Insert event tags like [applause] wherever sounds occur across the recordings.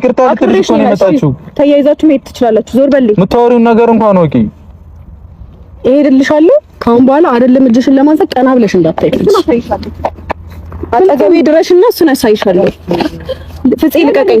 ይቅርታ ልትልሽ ነው የመጣችሁ። ተያይዛችሁ መሄድ ትችላላችሁ። ዞር በልኝ። የምታወሪውን ነገር እንኳን ወቂ። እሄድልሻለሁ። ካሁን በኋላ አይደለም እጅሽን ለማንሳት ቀና ብለሽ እንዳታይ። አጠገቤ ድረሽና እሱን አሳይሻለሁ። ፍፄ ልቀቀኝ።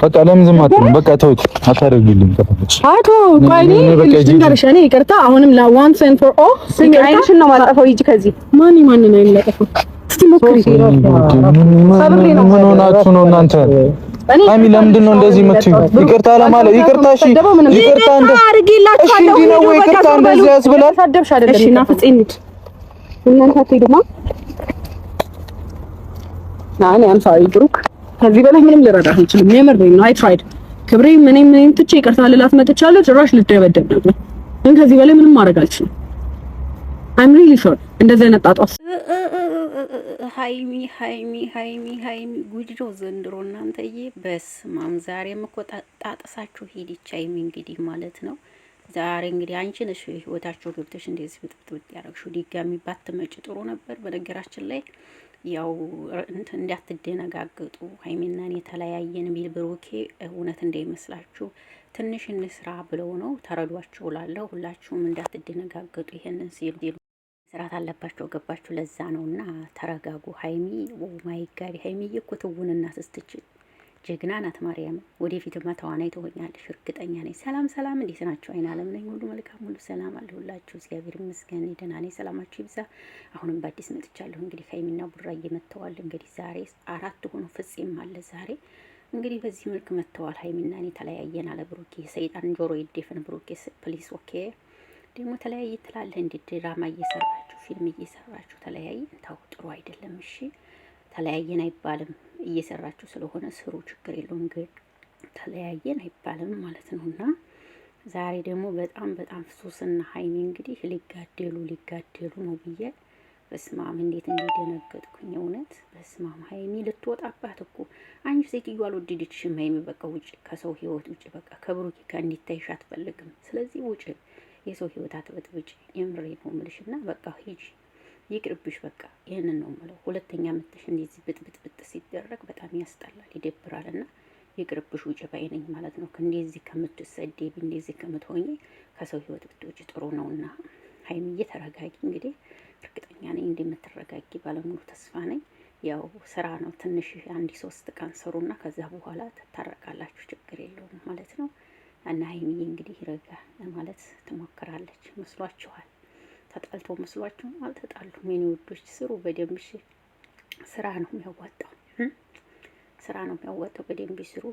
በቃ ለምን ዝም አትልም? በቃ ተውት፣ አታደርግልኝ። አቶ ይቅርታ። አሁንም ላ ኤንድ ፎር ኦል አይንሽን ነው የማጠፋው። ሂጂ ከዚህ ማን ማን ነው የሚያጠፋው? እስቲ ሞክሪ። ምን ሆናችሁ ነው እናንተ? አሚ ለምንድን ነው እንደዚህ የምትዩ? ይቅርታ ለማለት ይቅርታ። እሺ ይቅርታ፣ እንደ እሺ እንዲህ ነው ይቅርታ። እንደዚህ ያስብላል። እሺ እና ፍፄን እናንተ አትሄዱማ። ና እኔ አም ሶሪ ብሩክ ከዚህ በላይ ምንም ልረዳ አልችልም። የምር ነው። አይ ትራይድ ክብሬ ምን ምን ትቼ ይቅርታ ልላት መጥቻለሁ። ጭራሽ ልደበደብ ነበር። ግን ከዚህ በላይ ምንም ማድረግ አልችልም። አይም ሪሊ ሾር እንደዚህ አይነት ጣጣስ ሃይሚ ሃይሚ ሃይሚ ሃይሚ ጉድ ነው ዘንድሮ እናንተዬ። በስማም ዛሬም እኮ ጣጥሳችሁ ሄደች ሃይሚ እንግዲህ ማለት ነው። ዛሬ እንግዲህ አንቺ ነሽ ህይወታችሁ ገብተሽ እንደዚህ ብጥብጥ ያደረግሽው። ድጋሚ ባትመጪ ጥሩ ነበር በነገራችን ላይ ያው እንዳትደነጋግጡ ሀይሚናን የተለያየን ቢል ብሩኬ እውነት እንዳይመስላችሁ ትንሽ እንስራ ብለው ነው። ተረዷቸው ላለው ሁላችሁም እንዳትደነጋገጡ ይሄንን ሲሉ ስርዓት አለባቸው ገባችሁ። ለዛ ነው እና ተረጋጉ። ሀይሚ ኦማይ ሀይሚ እኮ ትውንና ስስትችል ጀግና ናት ማርያም። ወደፊት ተዋናይ ትሆኛለሽ እርግጠኛ ነኝ። ሰላም ሰላም፣ እንዴት ናቸው? አይን አለም ነኝ። ሁሉ መልካም፣ ሁሉ ሰላም አለሁላችሁ። እግዚአብሔር ይመስገን ደህና ነኝ። ሰላማችሁ ይብዛ። አሁንም በአዲስ መጥቻለሁ። እንግዲህ ሀይሚና ቡራ እየመጥተዋል። እንግዲህ ዛሬ አራት ሆኖ ፍጼም አለ ዛሬ እንግዲህ በዚህ መልክ መጥተዋል። ሀይሚና እኔ ተለያየን አለ ብሩኬ። ሰይጣን ጆሮ ይደፈን ብሩኬ። ፕሊስ ኦኬ። ደግሞ ተለያየ ትላለህ እንዴ? ድራማ እየሰራችሁ ፊልም እየሰራችሁ ተለያየ። ታው፣ ጥሩ አይደለም እሺ ተለያየን አይባልም። እየሰራችሁ ስለሆነ ስሩ፣ ችግር የለውም። ግን ተለያየን አይባልም ማለት ነው እና ዛሬ ደግሞ በጣም በጣም ፍሱስና ሀይሚ እንግዲህ ሊጋደሉ ሊጋደሉ ነው ብዬ በስማም እንዴት እንደደነገጥኩኝ እውነት በስማም ሀይሚ ልትወጣባት እኮ አንቺ ሴትዮ አልወደደችሽም ሀይሚ በቃ ውጭ ከሰው ህይወት ውጭ በቃ ከብሩኬ ጋር እንዲታይሽ አትፈልግም ስለዚህ ውጭ የሰው ህይወት አትበጥብጭ የምሬ ነው የምልሽ እና በቃ ሂጂ ይቅርብሽ በቃ ይህንን ነው የምለው። ሁለተኛ መተሽ እንደዚህ ብጥብጥብጥ ሲደረግ በጣም ያስጠላል፣ ይደብራል እና ይቅርብሽ ውጭ ባይ ነኝ ማለት ነው። እንደዚህ ከምትሰደቢ እንደዚህ ከምትሆኚ ከሰው ህይወት ብትወጪ ጥሩ ነው እና ሀይሚዬ ተረጋጊ። እንግዲህ እርግጠኛ ነኝ እንደምትረጋጊ ባለሙሉ ተስፋ ነኝ። ያው ስራ ነው ትንሽ አንድ ሶስት ቀን ስሩና ከዛ በኋላ ትታረቃላችሁ፣ ችግር የለውም ማለት ነው እና ሀይሚዬ እንግዲህ ረጋ ማለት ትሞክራለች መስሏችኋል ተጣልቶ መስሏችሁ አልተጣሉም። የኔ ውዶች ስሩ በደንብ እሺ። ስራ ነው የሚያዋጣው፣ ስራ ነው የሚያዋጣው። በደንብ ስሩ።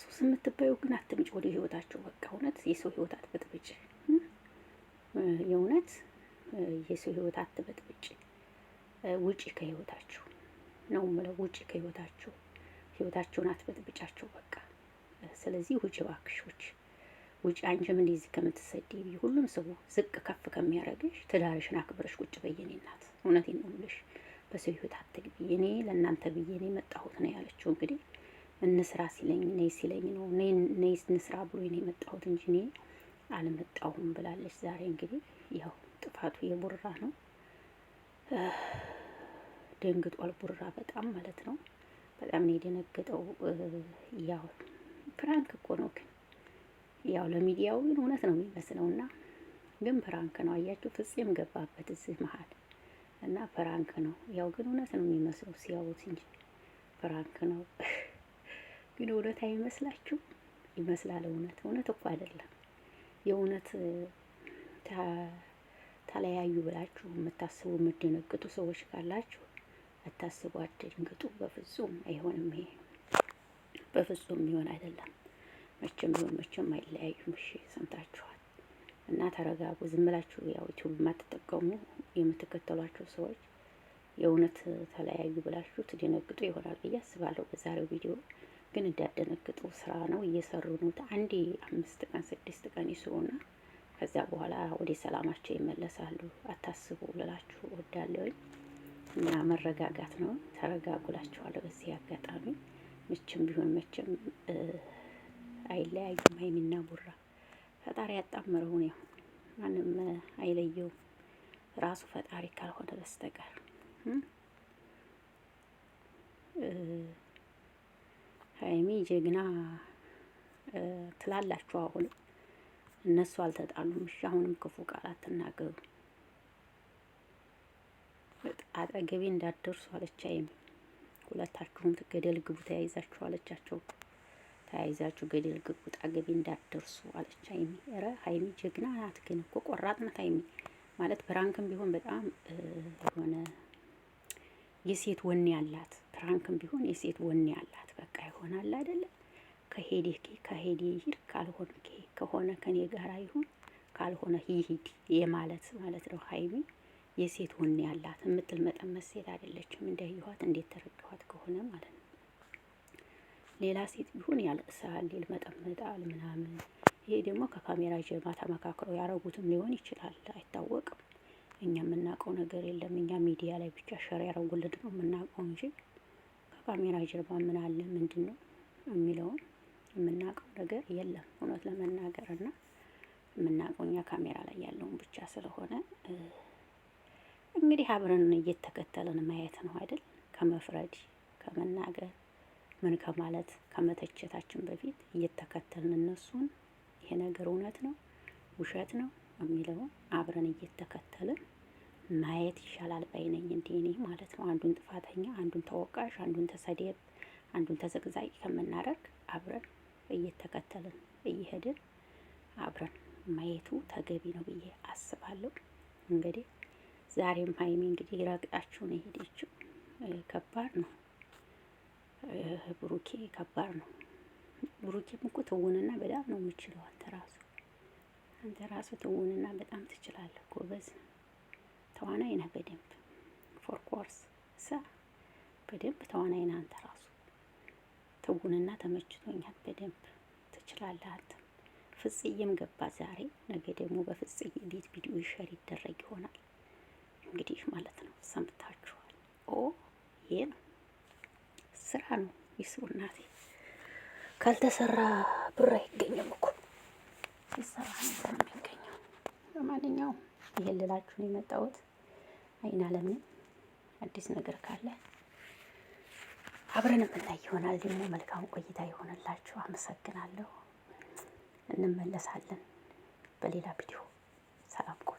ሱስ የምትባዩ ግን አትምጭ ወደ ህይወታችሁ። በቃ እውነት የሰው ህይወት አትበጥብጭ። የእውነት የሰው ህይወት አትበጥብጭ። ውጪ ከህይወታችሁ ነው የምለው፣ ውጪ ከህይወታችሁ። ህይወታችሁን አትበጥብጫቸው በቃ። ስለዚህ ውጪ እባክሾች ውጭ አንቺም እንደዚህ ከምትሰደቢ ሁሉም ሰው ዝቅ ከፍ ከሚያደርግሽ ትዳርሽን አክብረሽ ቁጭ በየኔ እናት፣ እውነቴን ነው የምልሽ። በሰው ህይወት አትግቢ፣ እኔ ለእናንተ ብዬ እኔ መጣሁት ነው ያለችው። እንግዲህ እንስራ ሲለኝ ነይ ሲለኝ ነው ነይ እንስራ ብሎ ነው የመጣሁት እንጂ እኔ አልመጣሁም ብላለች። ዛሬ እንግዲህ ያው ጥፋቱ የቡራ ነው። ደንግጧል ቡራ በጣም ማለት ነው። በጣም ነው የደነገጠው። ያው ፕራንክ እኮ ነው ግን ያው ለሚዲያው ግን እውነት ነው የሚመስለው እና ግን ፕራንክ ነው አያችሁ። ፍፄም ገባበት እዚህ መሀል እና ፕራንክ ነው ያው ግን እውነት ነው የሚመስለው ሲያዩት እንጂ ፕራንክ ነው [laughs] ግን እውነት አይመስላችሁ? ይመስላል። እውነት እውነት እኮ አይደለም። የእውነት ተለያዩ ብላችሁ የምታስቡ የምደነግጡ ሰዎች ካላችሁ አታስቡ፣ አትደንግጡ። በፍጹም አይሆንም። ይሄ በፍጹም የሚሆን አይደለም። መቼም ቢሆን መቼም አይለያዩም። እሺ ሰምታችኋል። እና ተረጋጉ። ዝም ብላችሁ ያው ዩቲዩብ የማትጠቀሙ የምትከተሏቸው ሰዎች የእውነት ተለያዩ ብላችሁ ትደነግጡ ይሆናል ብዬ አስባለሁ። በዛሬው ቪዲዮ ግን እንዳደነግጡ ስራ ነው እየሰሩ ነው። አንድ አምስት ቀን ስድስት ቀን ይስሩና ከዚያ በኋላ ወደ ሰላማቸው ይመለሳሉ። አታስቡ ልላችሁ እወዳለሁኝ። እና መረጋጋት ነው። ተረጋጉ በዚህ አጋጣሚ መቼም ቢሆን መቼም አይለያዩም። ሀይሚና ቡራ ፈጣሪ ያጣመረው ነው። ማንም አይለየውም ራሱ ፈጣሪ ካልሆነ በስተቀር ሀይሚ ጀግና ትላላችሁ። አሁንም እነሱ አልተጣሉም። እሺ አሁንም ክፉ ቃል አትናገሩ። አጠገቤ እንዳደርሱ አለች ሀይሚ። ሁለታችሁም ገደል ግቡ ተያይዛችሁ አለቻቸው። ተያይዛችሁ ገደል ግቡ፣ ገቢ እንዳትደርሱ አለች ሀይሚ። ኧረ ሀይሚ ጀግና ናት፣ ግን እኮ ቆራጥ ናት ሀይሚ ማለት ፕራንክም ቢሆን በጣም የሆነ የሴት ወኔ ያላት ፕራንክም ቢሆን የሴት ወኔ ያላት በቃ ይሆናል አይደለ? ከሄዴ ከሄዴ ይሂድ፣ ካልሆነ ከሆነ ከኔ ጋር ይሁን፣ ካልሆነ ይሂድ የማለት ማለት ነው ሀይሚ የሴት ወኔ ያላት የምትል መጠመስ ሴት አይደለችም። እንደ ህይወት እንዴት ተረዳኋት ከሆነ ማለት ነው ሌላ ሴት ቢሆን ያለቅሳል፣ ይልመጠመጣል ምናምን። ይሄ ደግሞ ከካሜራ ጀርባ ተመካክረው ያረጉትም ሊሆን ይችላል፣ አይታወቅም። እኛ የምናውቀው ነገር የለም። እኛ ሚዲያ ላይ ብቻ ሸር ያረጉልን ነው የምናውቀው እንጂ ከካሜራ ጀርባ ምን አለ ምንድን ነው የሚለውን የምናውቀው ነገር የለም እውነት ለመናገር እና የምናውቀው እኛ ካሜራ ላይ ያለውን ብቻ ስለሆነ እንግዲህ አብረን እየተከተልን ማየት ነው አይደል? ከመፍረድ ከመናገር ምን ከማለት ከመተቸታችን በፊት እየተከተልን እነሱን ይሄ ነገር እውነት ነው ውሸት ነው የሚለውን አብረን እየተከተልን ማየት ይሻላል ባይነኝ እንደ ማለት ነው። አንዱን ጥፋተኛ፣ አንዱን ተወቃሽ፣ አንዱን ተሰደብ፣ አንዱን ተዘቅዛቂ ከምናደርግ አብረን እየተከተልን እየሄድን አብረን ማየቱ ተገቢ ነው ብዬ አስባለሁ። እንግዲህ ዛሬም ሀይሚ እንግዲህ ነው የሄደችው ከባድ ነው። ብሩኬ ከባድ ነው። ብሩኬም እኮ ትውንና በጣም ነው የምችለው። አንተ ራሱ አንተ ራሱ ትውንና በጣም ትችላለህ። ጎበዝ ተዋናይ ነህ በደንብ ፎር ኮርስ ሳ በደንብ ተዋናይ ነህ አንተ ራሱ ትውንና ተመችቶኛል። በደንብ ትችላለህ አንተ። ፍጽዬም ገባ ዛሬ፣ ነገ ደግሞ በፍጽዬ ቤት ቪዲዮ ሸር ይደረግ ይሆናል እንግዲህ ማለት ነው። ስሙ እናቴ ካልተሰራ ብር አይገኝም እኮ ይሰራ ነበር የሚገኘው። ለማንኛውም ይሄን ልላችሁ ነው የመጣሁት። አይን አለምን አዲስ ነገር ካለ አብረን የምናይ ይሆናል። ደግሞ መልካም ቆይታ ይሆንላችሁ። አመሰግናለሁ። እንመለሳለን በሌላ ቪዲዮ። ሰላም